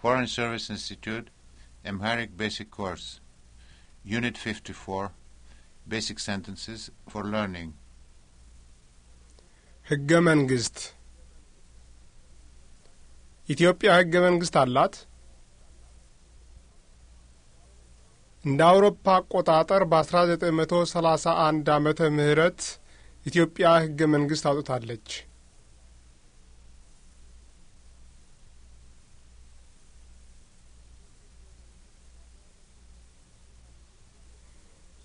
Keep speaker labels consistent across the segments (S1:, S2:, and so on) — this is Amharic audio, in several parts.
S1: Foreign Service Institute Amharic Basic Course Unit 54 Basic Sentences for Learning ሕገ መንግስት ኢትዮጵያ ሕገ መንግስት አላት። እንደ አውሮፓ አቆጣጠር በ1931 ዓመተ ምህረት ኢትዮጵያ ሕገ መንግስት አውጥታለች።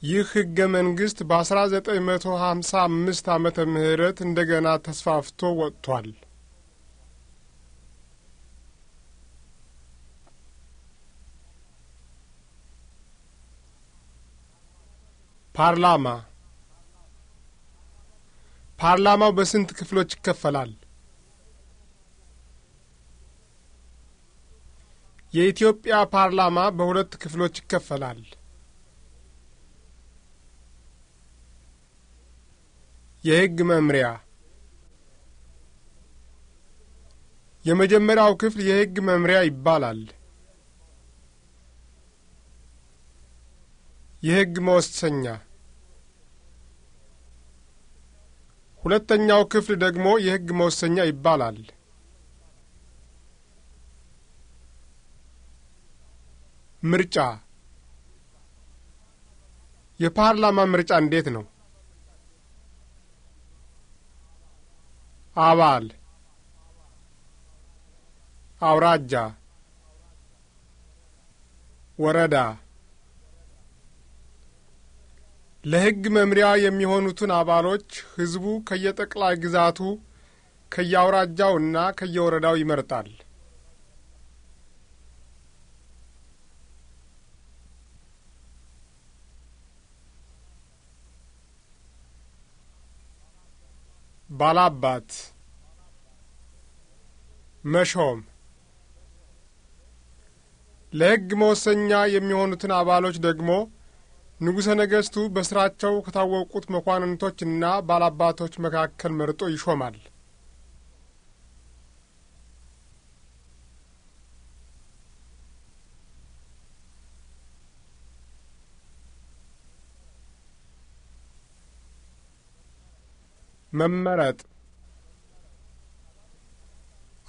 S1: ይህ ህገ መንግስት በ1955 ዓመተ ምህረት እንደገና ተስፋፍቶ ወጥቷል። ፓርላማ ፓርላማው በስንት ክፍሎች ይከፈላል? የኢትዮጵያ ፓርላማ በሁለት ክፍሎች ይከፈላል። የሕግ መምሪያ የመጀመሪያው ክፍል የሕግ መምሪያ ይባላል። የሕግ መወሰኛ ሁለተኛው ክፍል ደግሞ የሕግ መወሰኛ ይባላል። ምርጫ የፓርላማ ምርጫ እንዴት ነው? አባል አውራጃ ወረዳ ለሕግ መምሪያ የሚሆኑትን አባሎች ሕዝቡ ከየጠቅላይ ግዛቱ ከየአውራጃውና ከየወረዳው ይመርጣል። ባላባት መሾም ለሕግ መወሰኛ የሚሆኑትን አባሎች ደግሞ ንጉሠ ነገሥቱ በሥራቸው ከታወቁት መኳንንቶችና ባላባቶች መካከል መርጦ ይሾማል። መመረጥ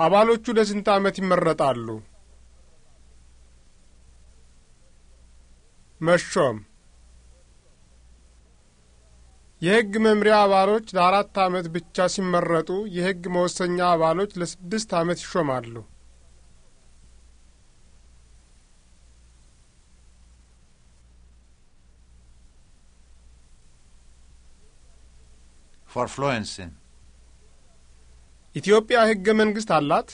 S1: አባሎቹ ለስንት ዓመት ይመረጣሉ? መሾም የሕግ መምሪያ አባሎች ለአራት ዓመት ብቻ ሲመረጡ የሕግ መወሰኛ አባሎች ለስድስት ዓመት ይሾማሉ። for fluency. ኢትዮጵያ ህገ መንግስት አላት።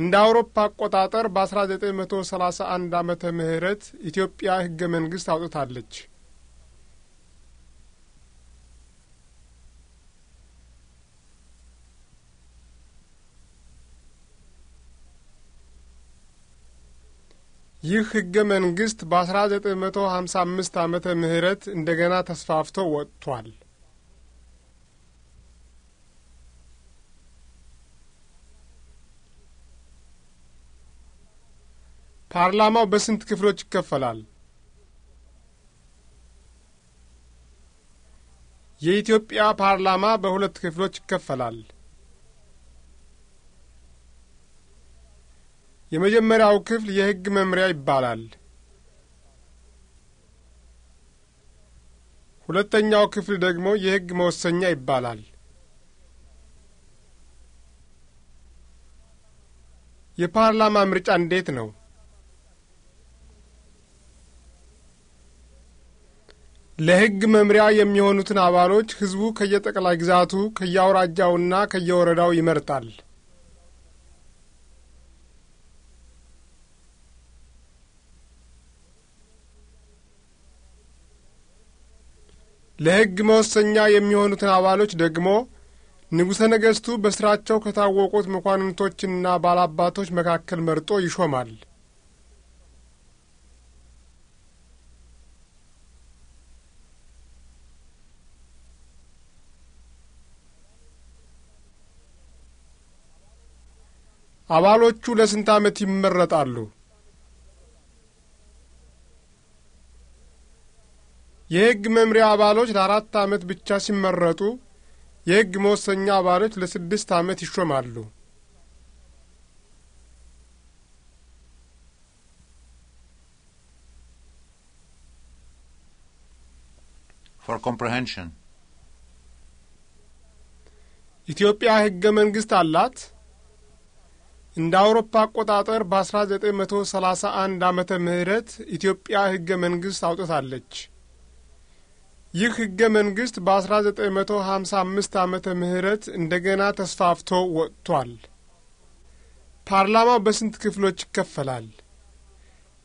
S1: እንደ አውሮፓ አቆጣጠር በ1931 ዓመተ ምህረት ኢትዮጵያ ህገ መንግስት አውጥታለች። ይህ ህገ መንግስት በ1955 ዓመተ ምህረት እንደገና ተስፋፍቶ ወጥቷል። ፓርላማው በስንት ክፍሎች ይከፈላል? የኢትዮጵያ ፓርላማ በሁለት ክፍሎች ይከፈላል። የመጀመሪያው ክፍል የሕግ መምሪያ ይባላል። ሁለተኛው ክፍል ደግሞ የሕግ መወሰኛ ይባላል። የፓርላማ ምርጫ እንዴት ነው? ለሕግ መምሪያ የሚሆኑትን አባሎች ሕዝቡ ከየጠቅላይ ግዛቱ ከየአውራጃውና ከየወረዳው ይመርጣል። ለሕግ መወሰኛ የሚሆኑትን አባሎች ደግሞ ንጉሠ ነገሥቱ በሥራቸው ከታወቁት መኳንንቶችና ባላባቶች መካከል መርጦ ይሾማል። አባሎቹ ለስንት ዓመት ይመረጣሉ? የሕግ መምሪያ አባሎች ለአራት ዓመት ብቻ ሲመረጡ የሕግ መወሰኛ አባሎች ለስድስት ዓመት ይሾማሉ። ፎር comprehension ኢትዮጵያ ሕገ መንግሥት አላት። እንደ አውሮፓ አቆጣጠር በ1931 ዓመተ ምህረት ኢትዮጵያ ሕገ መንግሥት አውጥታለች። ይህ ህገ መንግስት በ1955 ዓመተ ምህረት እንደገና ተስፋፍቶ ወጥቷል። ፓርላማው በስንት ክፍሎች ይከፈላል?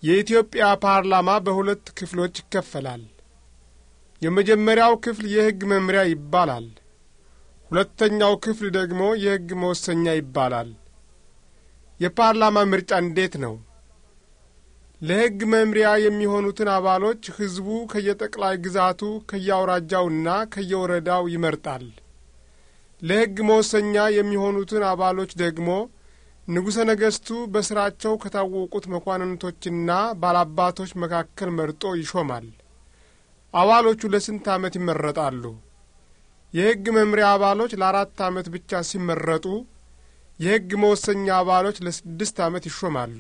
S1: የኢትዮጵያ ፓርላማ በሁለት ክፍሎች ይከፈላል። የመጀመሪያው ክፍል የህግ መምሪያ ይባላል። ሁለተኛው ክፍል ደግሞ የህግ መወሰኛ ይባላል። የፓርላማ ምርጫ እንዴት ነው? ለሕግ መምሪያ የሚሆኑትን አባሎች ሕዝቡ ከየጠቅላይ ግዛቱ ከየአውራጃውና ከየወረዳው ይመርጣል። ለሕግ መወሰኛ የሚሆኑትን አባሎች ደግሞ ንጉሠ ነገሥቱ በሥራቸው ከታወቁት መኳንንቶችና ባላባቶች መካከል መርጦ ይሾማል። አባሎቹ ለስንት ዓመት ይመረጣሉ? የሕግ መምሪያ አባሎች ለአራት ዓመት ብቻ ሲመረጡ የሕግ መወሰኛ አባሎች ለስድስት ዓመት ይሾማሉ።